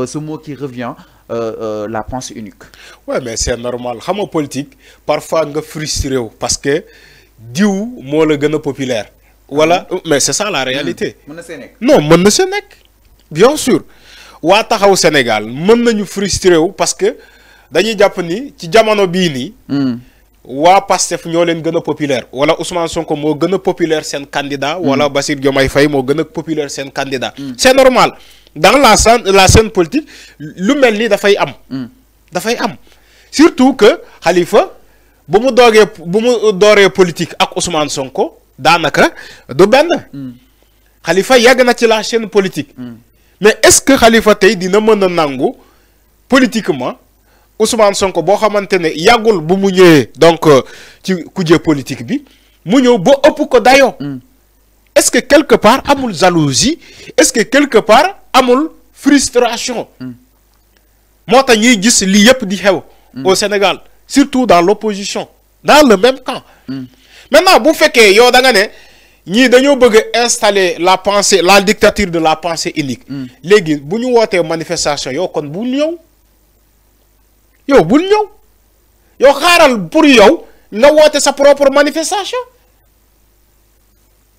Euh, ce mot qui revient euh, euh, la pensée unique. oui mais c'est normal xam politique parfois nga frustré parce que Dieu moo le gën populaire. voilà ah mais c'est ça la réalité. Hmm. non mën na see nekk. bien sûr waa taxaw Sénégal mën nañu frustré parce que dañuy jàpp ni ci jamono bii nii. Hmm. waa Pastef ñoo leen gën populaire wala Ousmane Sonko moo gën populaire seen candidat. wala hmm. Bassirou Diomaye Faye moo populaire, a populaire seen candidat. c'est normal dans la scène la scène politique lu mel ni dafay am. Hmm. dafay am surtout que Khalifa bumu mu bumu doré politique ak Ousmane Sonko daanaka du benn. Hmm. Khalifa y a ci la scène politique. Hmm. mais est-ce que Khalifa tey dina non nangu politiquement Ousmane Sonko boo xamante ne yàggul bu mu donc euh, ci kuje politique bi mu ñëw ba ko dayo. est-ce que quelque part amul jalousie est-ce que quelque part frustration mota ñuy gis au Sénégal surtout dans l'opposition dans le même camp maintenant bu féké yo da nga né ñi dañu bëgg installer la pensée la dictature de la pensée unique légui vous woté manifestation yo kon bul ñëw yo bul ñëw yo xaaral pour yow nga woté sa propre manifestation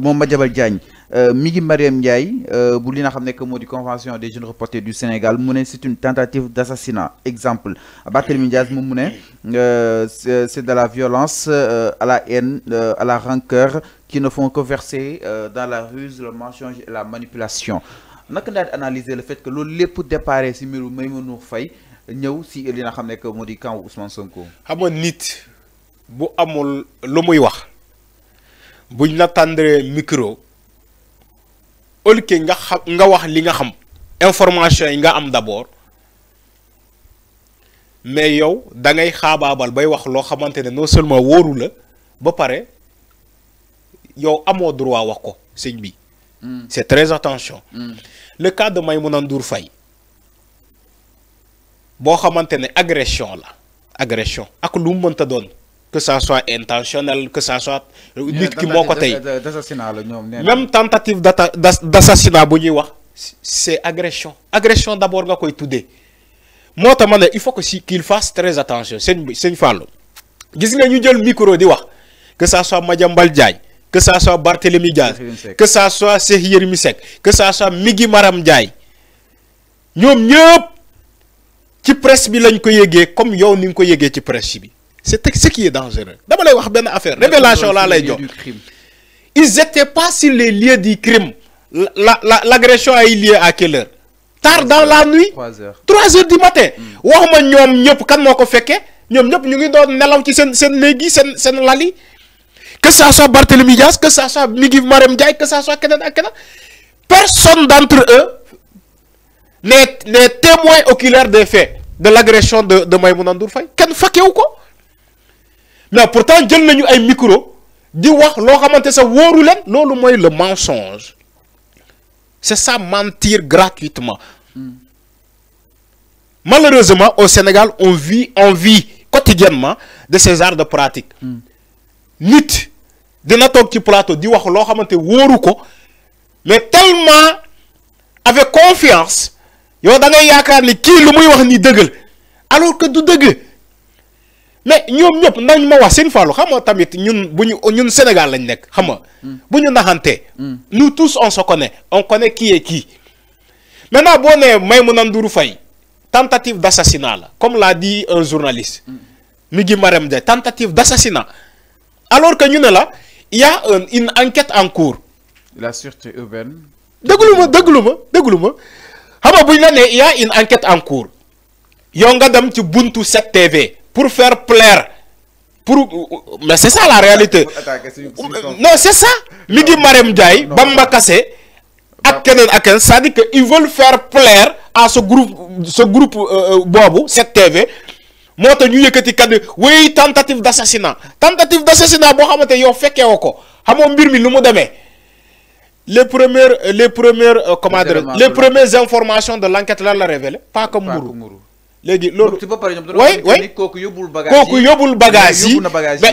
Mme Diagne euh, Mariam Ndiaye euh, bu li convention des jeunes reporters du Sénégal c'est une tentative d'assassinat exemple euh, c'est de la violence à la haine à la rancœur qui ne font que verser dans la ruse le mensonge et la manipulation Nous ndat analyser le fait que le lepp déparé, si li que Ousmane buñ la micro au lieu nga nga wax li nga xam information yi nga am d'abord mais yow da ngay xababal bay wax lo xamante non seulement wóoru la ba paré yow amo droit wax ko sëñ bi. Hmm. c'est très attention. Hmm. le cas de Maïmouna Ndour fay bo xamante agression la agression ak lu mën ta doon que ça soit intentionnel que ça soit. même tentative d'assassinat c'est agression agression d'abord nga koy il faut que qu'il fasse très attention c'est une femme nga ñu micro que ça soit Madiambal que ça soit Barthélémy Diaz que ça soit Sehir Misek que ça soit migi Maram nous ñëpp ci presse bi comme nous ni nous, ko c'est ce qui est dangereux D'abord, lay wax benn affaire révélation là lay jox ils n'étaient pas sur les lieux du crime l'agression a eu lieu à quelle heure tard dans la nuit trois heures du matin mm. waxuma ñoom ñëpp kan moo fait ñom ñoom ñëpp ñu ngi doon nelaw ci sen sen léegi sen sen lali que ça soit Barthélémy Dias que ça soit Migui Maremdiaï, que ça soit quelqu'un ak personne d'entre eux n'est témoin oculaire des faits de l'agression de de Maïmouna Ndour Faye kenn wu ko mais pourtant jël nañu un micro di wax loo ce sa wóoru leen loolu le mensonge c'est ça mentir gratuitement malheureusement au Sénégal on vit on vit quotidiennement de ces arts de pratique nit dina toog ci plateau di wax loo xamante pas ko mais tellement avec confiance yow da ngay qui ni ce lu muy wax ni dëggal alors que du dëgg mais nous, sommes tous les Sénégal mm. mm. nous tous on se connaît on connaît qui est qui. maintenant si nous sommes des tentative d'assassinat comme l'a dit un journaliste. Mm. Migi tentative d'assassinat alors que nous, sommes là, il y a une enquête en cours. la sûreté urbaine. Nous il y a une enquête en cours a 7 TV pour faire plaire. Pour... Mais c'est ça la réalité. non, c'est ça. Midi Marem Bamba Kassé, Ça dit que qu'ils veulent faire plaire à ce groupe, ce groupe euh, euh, Bobo, cette TV. Moi, je suis dit que oui, tentative d'assassinat. Tentative d'assassinat, je as fait que je tu les premières, les premières, euh, comment dire, les premières informations de l'enquête là la révélé, pas comme Mourou léegi yi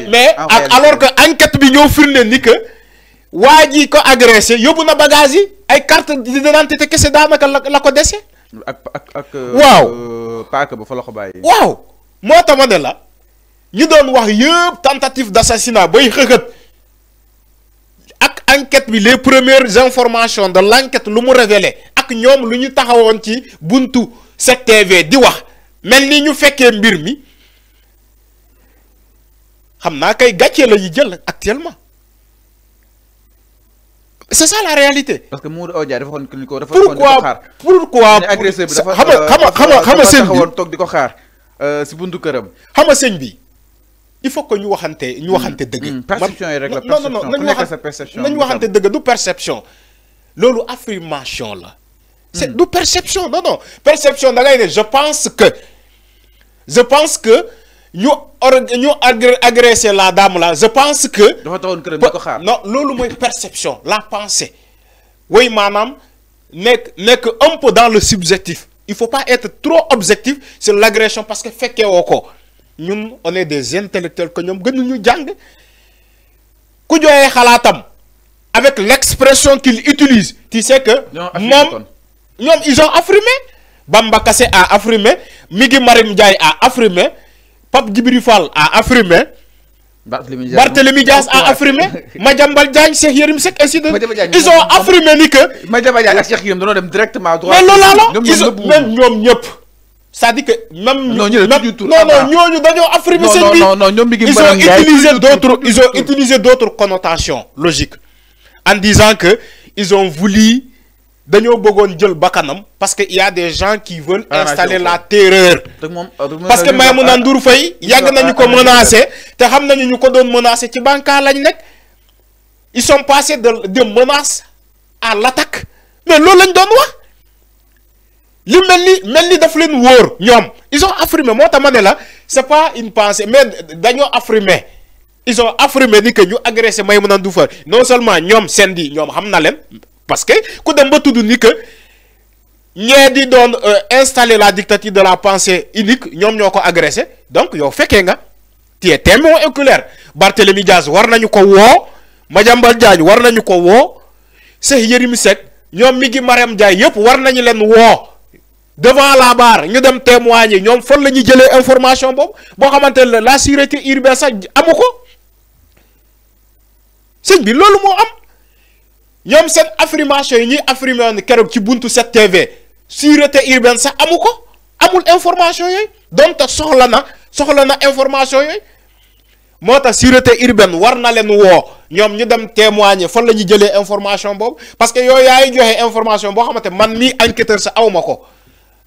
mais ah, alors que enquête bi ñoo firnde ni que waji ko agressé na yi ay carte d'identité kessé la la ko déssé ak ak ak. Euh, waaw euh, ba fa la ko là. waaw la ñu wax tentative d'assassinat bay ak enquête bi les premières informations de l'enquête lu mu révélé ak ñom lu ñu taxawon ci buntu cette tv di mais ni ñu fait mbir mi kay gatché la actuellement c'est ça la réalité. parce que Pourquoi Pourquoi dafa ko dafa ko xaar pourquoi euh, pourquoi bi dafa xama xama xama Pourquoi bi Pourquoi Pourquoi buntu xama bi il faut que ñu waxanté ñu waxanté hmm. deug hmm. perception perception non non du perception lolu affirmation la. c'est hmm. du perception non non perception da ngay je pense que je pense que nous or agressé la dame là je pense que. non, non perception la pensée oui madame, n'est nekk un peu dans le subjectif il faut pas être trop objectif sur l'agression parce que fait que nous on est des intellectuels que nous gënuñu jàng ku joxee avec l'expression qu'il utilise tu sais que. non ils ont affirmé. Bamba Kassé a affirmé Migi Marim a affirmé Pape Djibril Fall a affirmé. Barthélémy Diaz a affirmé Diagne Cheikh ils ont affirmé mais même dit que même. non ah, bah. non non ils ont utilisé d'autres ils ont utilisé d'autres connotations logiques en disant que ils ont voulu dañoo bëggoon jël parce que il y a des gens qui veulent installer la terreur parce que Maïmouna ah, Ndour Faye yàgg nañu ko menacé te xam nañu ñu ko doon menacer ci à lañ ils sont passés de de menace à l'attaque mais loolu lañ doon wax li melni melni daf leen ñom ils ont affirmé mota mané la c'est pas une pensée mais dañoo affirmé ils ont affirmé ni que ñu agresser Maïmouna Ndour non seulement ñom sendi ñom ñoom xam na leen parce que quand on ba que di euh, installé la dictature de la pensée unique ils ont agressé donc yow fait nga tiye témoin oculaire Barthélémy Diaz war nañu ko woo Madiambal war ko wo se Yérim Seck ñoom mi ngi war que devant la barre ñu dem témoigner information bon, comment la sécurité urbaine ça, amu ko se bi avons yom seen affirmation yi ñuy affirmé woon ci buntu 7TV sûreté urbaine sa amuko amul information donc ta soxla na soxla na information yoy mota tax sûreté urbaine war na leen ñu dem témoigner fan ni jëlé information bob parce que yoy yaay joxé information bo xamanté man mii enquêteur sa awmako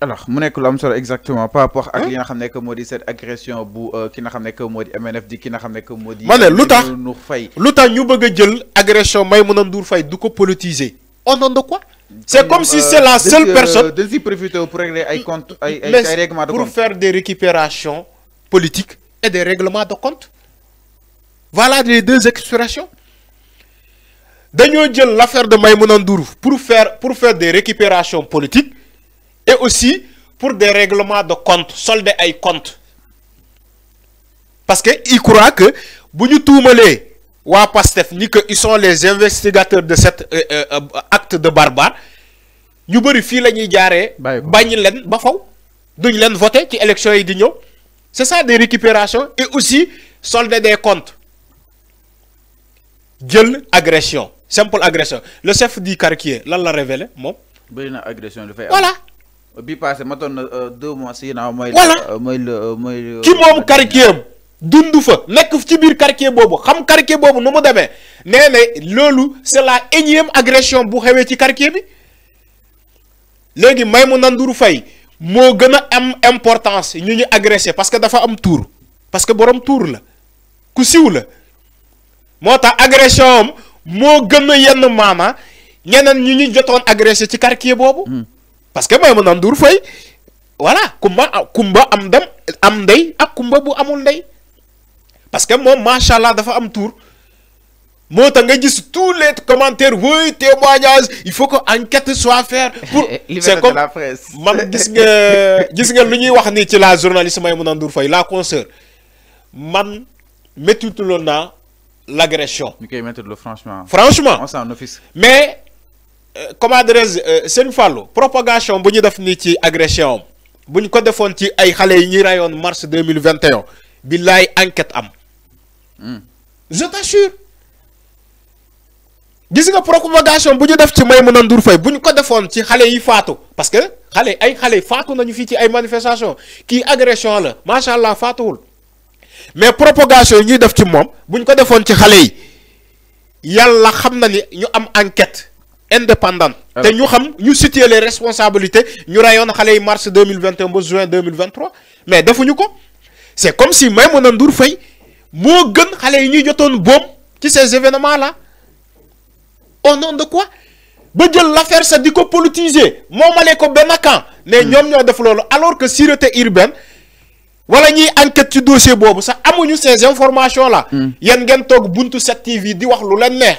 alors mu ne lu exactement par rapport à hein? li nga jamais ne cette agression bu euh, ki n'a xam ne MNF di ki jamais xam que l'agression de lu agression du politiser au nom de quoi. c'est comme si euh, c'est la seule euh, personne. de pour faire des récupérations politiques et des règlements de compte voilà les deux expressions dañoo jël l'affaire de Maïmounandour Ndour pour faire pour faire des récupérations politiques et aussi pour des règlements de compte solde et comptes parce que il croit que si nous tuumalee waa PASTEF ni que ils sont les investigateurs de cet euh, euh, euh, acte de barbare nous vérifions les la ñuy jaaree bañ leen ba voté ci élection yi di c'est ça des récupérations et aussi solde des comptes Gueule, agression simple agression le chef du quartier là la révélé agression voilà bi passé ma na euh, deux mois si na moy moy moy la euh, mooy. ci euh, moom quartier am fa nek ci biir quartier bobu xam quartier bobu nu mu demee nee ne c'est la énième agression bu xewee ci quartier bi légui maymu Ndour fay mo gën am importance ñu ñu agresser parce que dafa am tour parce que borom tour la ku siw la moo tax agression mo moo yenn mama ñeneen ñu ñu jotone agresser ci quartier boobu. Hmm parce que Maimouna Ndour Faye voilà kumba kumba am amday, am ndey ak kumba bu amul ndey parce que mom machallah dafa am tour Moi, nga gis tous les commentaires oui témoignages il faut que enquête soit l'affaire. pour c'est comme man gis nga gis nga lu ñuy wax ni ci la journaliste Maimouna Ndour tout la consoeur man méttiwutuloon naa l'agression. ñu mettre le franchement. franchement on s'en office. mais. Euh, comment c'est je sëñ propagation bu ñu def ci agression am bu ñu ko defoon ci ay yi mars 2021 mille enquête am. Hmm. je t'assure gis nga propagation bu ñu def ci Maïmouna Ndour Faye bu ñu ko defoon ci yi parce que xale ay xale faatu nañu fi ci ay manifestation ki agression la machallah allah mais propagation yi ñuy def ci mom buñ ko defoon ci xalé yi yalla xam na ni ñu am enquête indépendante ah Nous ñu xam les responsabilités Nous avons eu mars 2021 au juin 2023 mais defuñu ko c'est comme si même Ndour Faye moo gën xale yi ñuy jotoon boom ci ces événements là au nom de quoi ba jël l'affaire sa di ko politiser moomalee ko benn camp ne hmm. ñoom ñoo def loolu alors que sûreté urbaine wala une enquête ci dossier boobu sax amuñu ces informations là hmm. yéen ngeen toog buntu 7TV di wax lu leen neex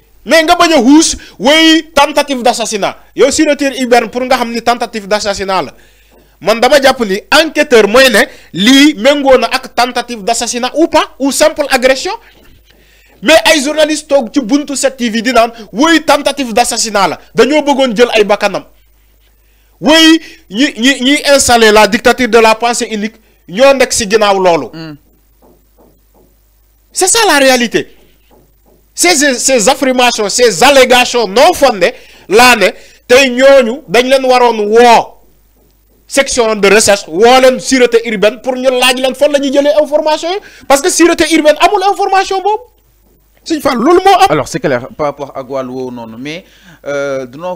mais nga bañ a xuus way tentative d'assassinat. assassinat yow si retire pour nga xamni une tentative d'assassinat. la man dama japp ni enquêteur moy ne li méngoo na ak tentative d'assassinat, ou pas ou simple agression mais ay journalistes tok ci buntu 7TV di tentative d'assassinat. assassinat la dañoo bëggone jël ay bakanam. woy ñi ñi installer la dictature de la pensée unique ñoo nek ci ginaaw lolu. C'est mm. C'est ça la réalité ces ces affirmations ces allégations non fondées l'année, ne avons ñooñu dañ leen section de recherche woo sûreté urbaine pour ñu laaj des informations. parce que sûreté urbaine amul information boobu suñ alors c'est clair par rapport à mais euh, de mais.